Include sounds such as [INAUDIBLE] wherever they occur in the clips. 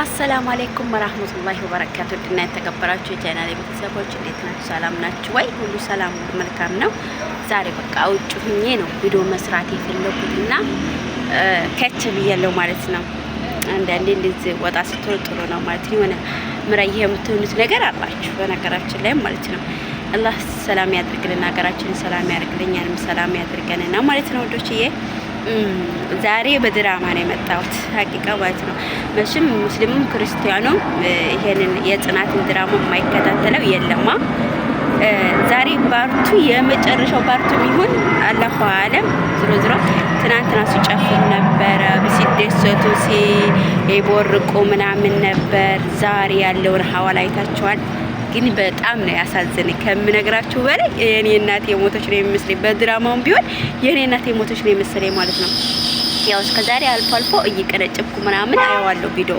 አሰላሙ አለይኩም ወራህመቱላሂ ወበረካቱ። ድና የተከበራችሁ የቻናል ቤተሰቦች እንዴት ናችሁ? ሰላም ናችሁ ወይ? ሁሉ ሰላም መልካም ነው። ዛሬ በቃ ውጭ ሁኜ ነው ቪዲዮ መስራት የፈለጉትና ከች ብያለሁ ማለት ነው። አንዳንዴ እንደዚህ ወጣ ስትሆን ጥሩ ነው ማለት ነው። የሆነ ምራዬ የምትሆኑት ነገር አላችሁ በነገራችን ላይ ማለት ነው። አላህ ሰላም ያድርግልን፣ ሀገራችንን ሰላም ያድርግልኝ፣ ሰላም ያድርገንና ማለት ነው ወዶችዬ ዛሬ በድራማ ነው የመጣሁት። ሀቂቃ ማለት ነው መቼም ሙስሊሙም ክርስቲያኑም ይሄንን የጽናትን ድራማ የማይከታተለው የለማ። ዛሬ ባርቱ የመጨረሻው ባርቱ ቢሆን አላሁ አለም። ዝሮ ዝሮ ትናንትና ሲጨፍሩ ነበረ፣ ሲደሰቱ፣ ሲቦርቁ ምናምን ነበር። ዛሬ ያለውን ሀዋላ አይታችኋል። ግን በጣም ነው ያሳዘነኝ ከምነግራችሁ በላይ የኔ እናት የሞተች ነው የሚመስለኝ። በድራማውም ቢሆን የኔ እናት የሞተች ነው የሚመስለኝ ማለት ነው። ያው እስከ ዛሬ አልፎ አልፎ እየቀነጨብኩ ምናምን አየዋለሁ ቪዲዮ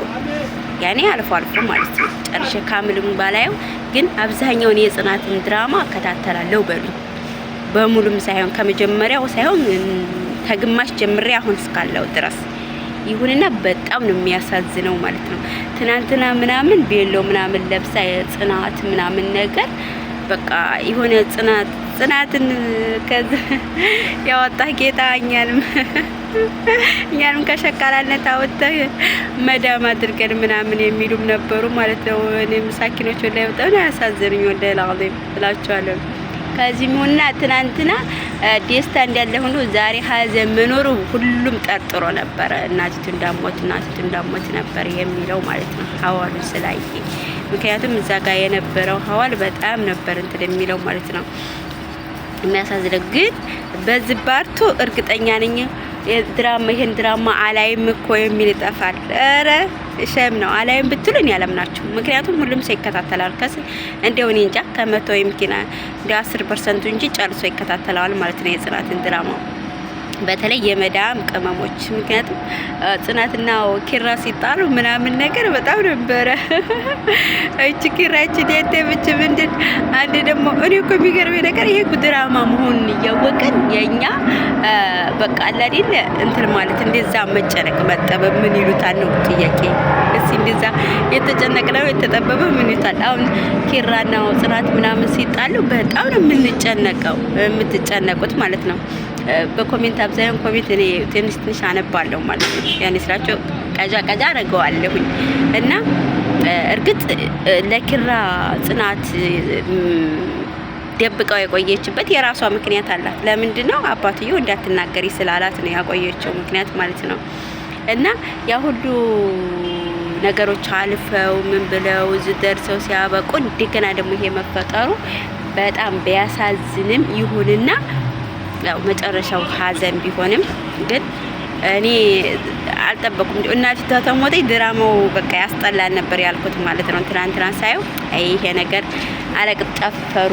ያኔ አልፎ አልፎ ማለት ነው። ጨርሼ ካምልም ባላየው ግን አብዛኛውን የጽናትን ድራማ እከታተላለሁ በሉኝ በሙሉም ሳይሆን ከመጀመሪያው ሳይሆን ከግማሽ ጀምሬ አሁን እስካለው ድረስ ይሁንና በጣም ነው የሚያሳዝነው ማለት ነው። ትናንትና ምናምን ቤሎ ምናምን ለብሳ የጽናት ምናምን ነገር በቃ የሆነ ጽናት ጽናትን ከዚ [LAUGHS] ያወጣ ጌታ እኛንም [LAUGHS] እኛንም ከሸቃላነት አወጥተ መዳም አድርገን ምናምን የሚሉም ነበሩ ማለት ነው። እኔም ሳኪኖች ወላሂ በጣም ያሳዝኑኝ ወላሂ ላቅም ብላችኋለሁ። ከዚህም ሆና ትናንትና ደስታ እንዳለ ሆኖ ዛሬ ሀዘን መኖሩ ሁሉም ጠርጥሮ ነበረ። እናቲቱ እንዳሞት እናቲቱ እንዳሞት ነበር የሚለው ማለት ነው ሀዋሉ ስላየ። ምክንያቱም እዛ ጋር የነበረው ሀዋል በጣም ነበር እንትን የሚለው ማለት ነው። የሚያሳዝነው ግን በዚህ ባርቱ እርግጠኛ ነኝ ድራማ ይሄን ድራማ አላይም እኮ የሚል ይጠፋል። ኧረ ሸም ነው አላይም ብትሉኝ ያለምናችሁ። ምክንያቱም ሁሉም ሰው ይከታተላል። ከስ እንደው እኔ እንጃ ከመቶ ይምኪና እንደ 10 ፐርሰንቱ እንጂ ጨርሶ ይከታተለዋል ማለት ነው የጽናትን ድራማው። በተለይ የመዳም ቅመሞች ምክንያቱም ጽናትና ኪራ ሲጣሉ ምናምን ነገር በጣም ነበረ። [LAUGHS] እቺ ኪራችን የቴብች ምንድን አንድ ደግሞ እኔ እኮ የሚገርመኝ ነገር ይሄ ድራማ መሆኑን እያወቅን የእኛ በቃ አላዴል እንትን ማለት እንደዛ መጨነቅ መጠበብ ምን ይሉታል ነው ጥያቄ እዚህ የተጨነቅነው የተጠበበ ምን ይታል። አሁን ኪራና ጽናት ምናምን ሲጣሉ በጣም ነው የምንጨነቀው የምትጨነቁት ማለት ነው። በኮሜንት አብዛኛውን ኮሜንት እኔ ትንሽ ትንሽ አነባለሁ ማለት ነው። ያኔ ስራቸው ቀጃ ቀጃ አደርገዋለሁኝ እና እርግጥ ለኪራ ጽናት ደብቀው የቆየችበት የራሷ ምክንያት አላት። ለምንድን ነው አባትየው እንዳትናገሪ ስላላት ነው ያቆየችው ምክንያት ማለት ነው እና ያ ሁሉ ነገሮች አልፈው ምን ብለው እዚህ ደርሰው ሲያበቁ እንደገና ደግሞ ይሄ መፈጠሩ በጣም ቢያሳዝንም ይሁንና ያው መጨረሻው ሀዘን ቢሆንም ግን እኔ አልጠበቁም። እናቴ ተሞተች ድራማው በቃ ያስጠላል ነበር ያልኩት ማለት ነው። ትናንትና ሳየው ይሄ ነገር አለቅም ጨፈሩ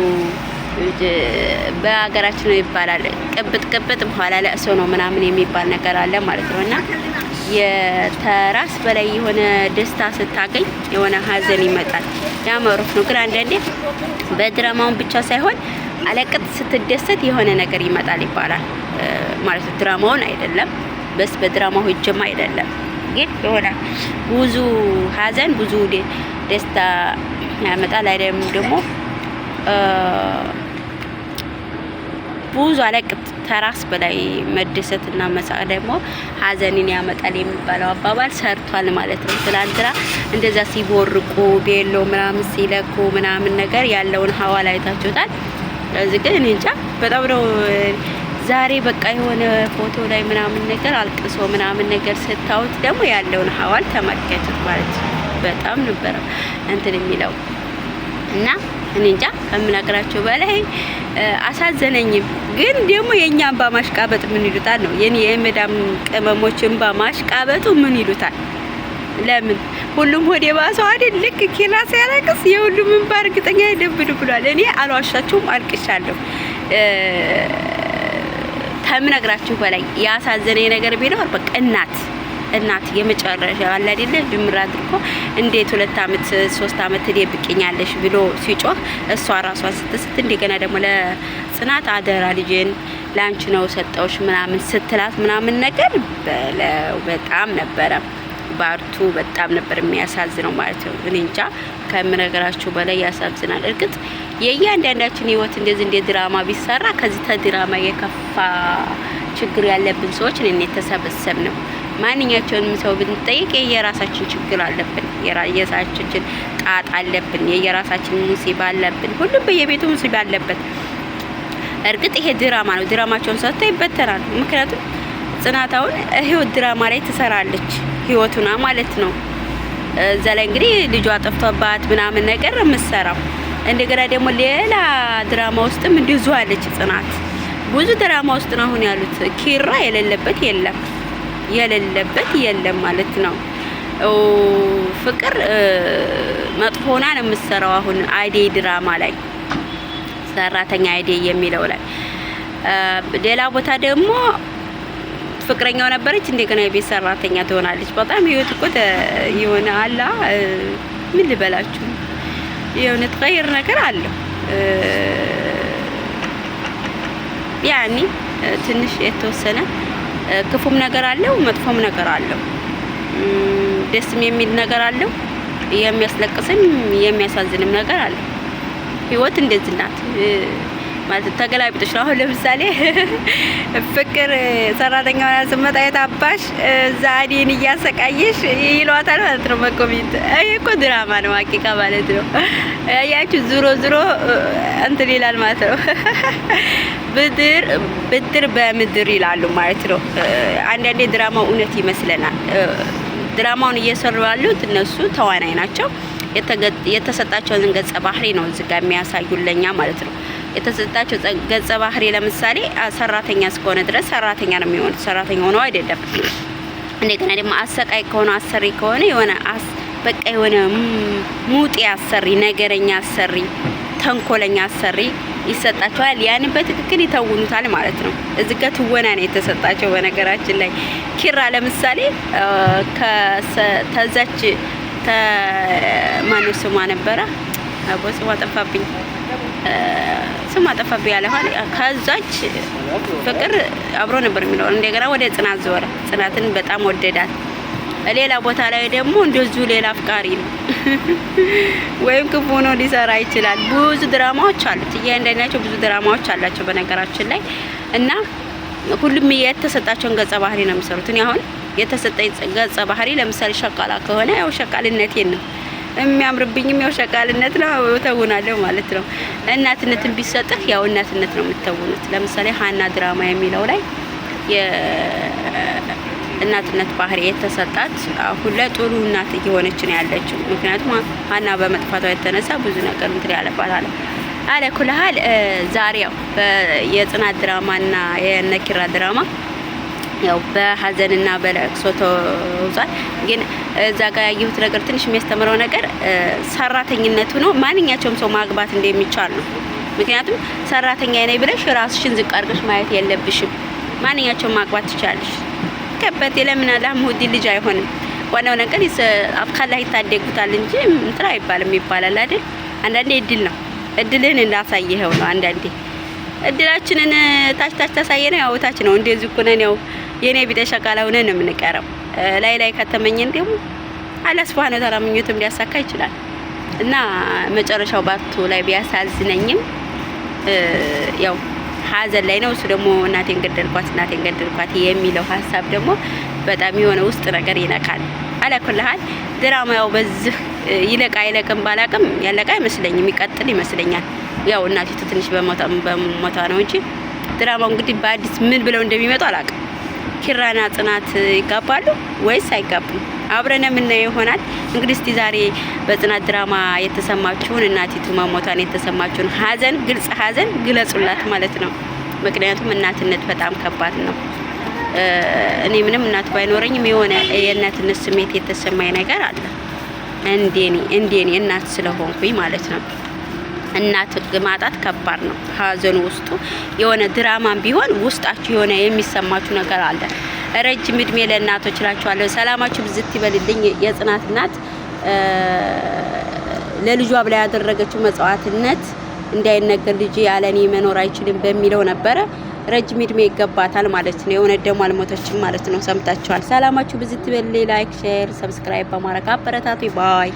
በሀገራችን ነው ይባላል። ቅብጥ ቅብጥ በኋላ ለእሶ ነው ምናምን የሚባል ነገር አለ ማለት ነው እና የተራስ በላይ የሆነ ደስታ ስታገኝ የሆነ ሀዘን ይመጣል። ያ መሩፍ ነው። ግን አንዳንዴ በድራማውን ብቻ ሳይሆን አለቅት ስትደሰት የሆነ ነገር ይመጣል ይባላል ማለት ነው። ድራማውን አይደለም በስ በድራማው ህጅም አይደለም ግን የሆነ ብዙ ሀዘን ብዙ ደስታ ያመጣል አይደለም ደግሞ ብዙ አለቅት ተራስ በላይ መደሰትና መሳቅ ደግሞ ሀዘንን ያመጣል የሚባለው አባባል ሰርቷል ማለት ነው። ትላንትና እንደዛ ሲቦርቁ ቤሎ ምናምን ሲለኩ ምናምን ነገር ያለውን ሀዋላ አይታችሁታል። ስለዚህ ግን እንጃ በጣም ነው ዛሬ በቃ የሆነ ፎቶ ላይ ምናምን ነገር አልቅሶ ምናምን ነገር ስታዩት ደግሞ ያለውን ሀዋል ተመልከቱት ማለት ነው። በጣም ነበረ እንትን የሚለው እና እኔ እንጃ ከምነግራቸው በላይ አሳዘነኝም። ግን ደግሞ የእኛ እንባ ማሽቃበጥ ምን ይሉታል ነው የኔ የመዳም ቅመሞች እንባ ማሽቃበጡ ምን ይሉታል? ለምን ሁሉም ሆዴ ባሰው አይደል? ልክ ኪራ ሲያለቅስ የሁሉም እንባ እርግጠኛ ይደብድ ብሏል። እኔ አልዋሻችሁም፣ አልቅሻለሁ። ከምነግራችሁ በላይ ያሳዘነኝ ነገር ቢኖር በቃ እናት እናት የመጨረሻ አለ አይደለ ድምር አድርጎ እንዴት ሁለት አመት ሶስት አመት ትደብቅኛለሽ ብሎ ሲጮህ እሷ ራሷ ስትስት እንደገና ደግሞ ለጽናት አደራ ልጅን ለአንቺ ነው ሰጠውሽ ምናምን ስትላት ምናምን ነገር በለው በጣም ነበረ ባርቱ በጣም ነበር የሚያሳዝነው ማለት ነው። እኔ እንጃ ከምነገራችሁ በላይ ያሳዝናል። እርግጥ የእያንዳንዳችን ህይወት እንደዚህ እንደ ድራማ ቢሰራ ከዚህ ተድራማ የከፋ ችግር ያለብን ሰዎች እኔ የተሰበሰብ ነው ማንኛቸውንም ሰው ብንጠይቅ የየራሳችን ችግር አለብን፣ የራሳችን ጣጥ አለብን፣ የየራሳችን ሙሲባ አለብን። ሁሉም በየቤቱ ሙሲባ አለበት። እርግጥ ይሄ ድራማ ነው። ድራማቸውን ሰጥቶ ይበተናል። ምክንያቱም ጽናታውን ህይወት ድራማ ላይ ትሰራለች ህይወቱና ማለት ነው። እዛ ላይ እንግዲህ ልጇ ጠፍቶባት ምናምን ነገር የምትሰራው እንደገና ደግሞ ሌላ ድራማ ውስጥም እንዲዙ አለች ጽናት። ብዙ ድራማ ውስጥ ነው አሁን ያሉት። ኪራ የሌለበት የለም። የሌለበት የለም ማለት ነው። ፍቅር መጥፎና ነው የምትሰራው። አሁን አይዴ ድራማ ላይ ሰራተኛ አይዴ የሚለው ላይ ሌላ ቦታ ደግሞ ፍቅረኛው ነበረች፣ እንደገና የቤት ሰራተኛ ትሆናለች። በጣም ህይወት እኮ የሆነ አላ ምን ልበላችሁ የሆነ ትቀይር ነገር አለው ያኒ ትንሽ የተወሰነ ክፉም ነገር አለው፣ መጥፎም ነገር አለው፣ ደስም የሚል ነገር አለው፣ የሚያስለቅስም የሚያሳዝንም ነገር አለው። ህይወት እንደዚህ ናት። ማለት ተገላቢጦች ነው። አሁን ለምሳሌ [LAUGHS] ፍቅር ሰራተኛ ሆና ስትመጣ የታባሽ እዛ እኔን እያሰቃየሽ ይሏታል ማለት ነው በኮሜንት። ይሄ እኮ ድራማ ነው አቂቃ ማለት ነው። ያችሁ ዙሮ ዙሮ እንትን ይላል ማለት ነው። [LAUGHS] ብድር ብድር በምድር ይላሉ ማለት ነው። አንዳንዴ ድራማው እውነት ይመስለናል። ድራማውን እየሰሩ ያሉት እነሱ ተዋናይ ናቸው። የተሰጣቸውን ገጸ ባህሪ ነው እዚጋ ጋር የሚያሳዩለኛ ማለት ነው። የተሰጣቸው ገጸ ባህሪ ለምሳሌ ሰራተኛ እስከሆነ ድረስ ሰራተኛ ነው የሚሆኑት፣ ሰራተኛ ሆነው አይደለም። እንደገና ደግሞ አሰቃይ ከሆነ አሰሪ ከሆነ የሆነ በቃ የሆነ ሙጤ አሰሪ፣ ነገረኛ አሰሪ፣ ተንኮለኛ አሰሪ ይሰጣቸዋል። ያን በትክክል ይተውኑታል ማለት ነው። እዚህ ጋር ትወና ነው የተሰጣቸው። በነገራችን ላይ ኪራ ለምሳሌ ተዛች ማነው ስሟ ነበረ? ቦጽዋ ጠፋብኝ። ስም አጠፋብ ያለ ከዛች ፍቅር አብሮ ነበር የሚለው እንደገና ወደ ጽናት ዞረ። ጽናትን በጣም ወደዳት። ሌላ ቦታ ላይ ደግሞ እንደዚሁ ሌላ አፍቃሪ ነው [LAUGHS] ወይም ክፉ ነው ሊሰራ ይችላል። ብዙ ድራማዎች አሉት። እያንዳንዳቸው ብዙ ድራማዎች አላቸው በነገራችን ላይ እና ሁሉም የተሰጣቸውን ገጸ ባህሪ ነው የሚሰሩት። እኔ አሁን የተሰጠኝ ገጸ ባህሪ ለምሳሌ ሸቃላ ከሆነ ያው ሸቃልነቴን ነው የሚያምርብኝም ያው ሸቃልነት ነው ተውናለሁ ማለት ነው። እናትነትን ቢሰጥህ ያው እናትነት ነው የምትተውኑት። ለምሳሌ ሀና ድራማ የሚለው ላይ የእናትነት ባህሪ የተሰጣት አሁን ላይ ጥሩ እናት እየሆነች ነው ያለችው። ምክንያቱም ሀና በመጥፋቷ የተነሳ ብዙ ነገር እንትን ያለባት አለ አለ ኩልሀል ዛሬ ያው የጽናት ድራማና የነኪራ ድራማ ያው በሀዘንና በለቅሶ ተውዟል ግን እዛ ጋር ያየሁት ነገር ትንሽ የሚያስተምረው ነገር ሰራተኝነቱ ነው። ማንኛቸውም ሰው ማግባት እንደሚቻል ነው። ምክንያቱም ሰራተኛ ነኝ ብለሽ ራስሽን ዝቅ አድርገሽ ማየት የለብሽም። ማንኛቸውም ማግባት ትቻለሽ። ከበት የለምን ላሙዲ ልጅ አይሆንም። ዋናው ነገር አፍካላ ይታደጉታል እንጂ እንትን አይባልም ይባላል አይደል? አንዳንዴ እድል ነው። እድልህን እንዳሳየኸው ነው። አንዳንዴ እድላችንን ታች ታች ታሳየነው ያው ታች ነው። እንደዚህ እኮ ነን ያው የእኔ ቢጠሻ ቃል ሆነን ነው የምንቀረው። ላይ ላይ ከተመኘን ደግሞ አላህ ሱብሃነ ወተዓላ ምኞትም ሊያሳካ ይችላል እና መጨረሻው ባቱ ላይ ቢያሳዝነኝም ያው ሀዘን ላይ ነው እሱ ደግሞ እናቴን ገደልኳት እናቴን ገደልኳት የሚለው ሀሳብ ደግሞ በጣም የሆነ ውስጥ ነገር ይነካል። አላኩልሃል ድራማው በዚህ ይለቃ አይለቅም ባላቅም ያለቃ አይመስለኝም ይቀጥል ይመስለኛል። ያው እናቴቱ ትንሽ በሞታ ነው እንጂ ድራማው እንግዲህ በአዲስ ምን ብለው እንደሚመጡ አላቅም። ኪራና ጽናት ይጋባሉ ወይስ አይጋቡም? አብረን የምናየው ይሆናል። እንግዲህ እስቲ ዛሬ በጽናት ድራማ የተሰማችሁን እናቲቱ መሞቷን የተሰማችሁን ሀዘን ግልጽ ሀዘን ግለጹላት ማለት ነው። ምክንያቱም እናትነት በጣም ከባድ ነው። እኔ ምንም እናት ባይኖረኝም የሆነ የእናትነት ስሜት የተሰማኝ ነገር አለ። እንዴኔ እንዴኔ እናት ስለሆንኩኝ ማለት ነው እናት ማጣት ከባድ ነው። ሀዘኑ ውስጡ የሆነ ድራማም ቢሆን ውስጣችሁ የሆነ የሚሰማችሁ ነገር አለ። ረጅም እድሜ ለእናቶች እላችኋለሁ። ሰላማችሁ ብዝት ይበልልኝ። የጽናት እናት ለልጇ ብላ ያደረገችው መጽዋዕትነት እንዳይነገር ልጅ ያለኔ መኖር አይችልም በሚለው ነበረ። ረጅም እድሜ ይገባታል ማለት ነው። የሆነ ደግሞ አልሞተችም ማለት ነው። ሰምታችኋል። ሰላማችሁ ብዝት ይበልልኝ። ላይክ፣ ሼር፣ ሰብስክራይብ በማድረግ አበረታቱ። ባይ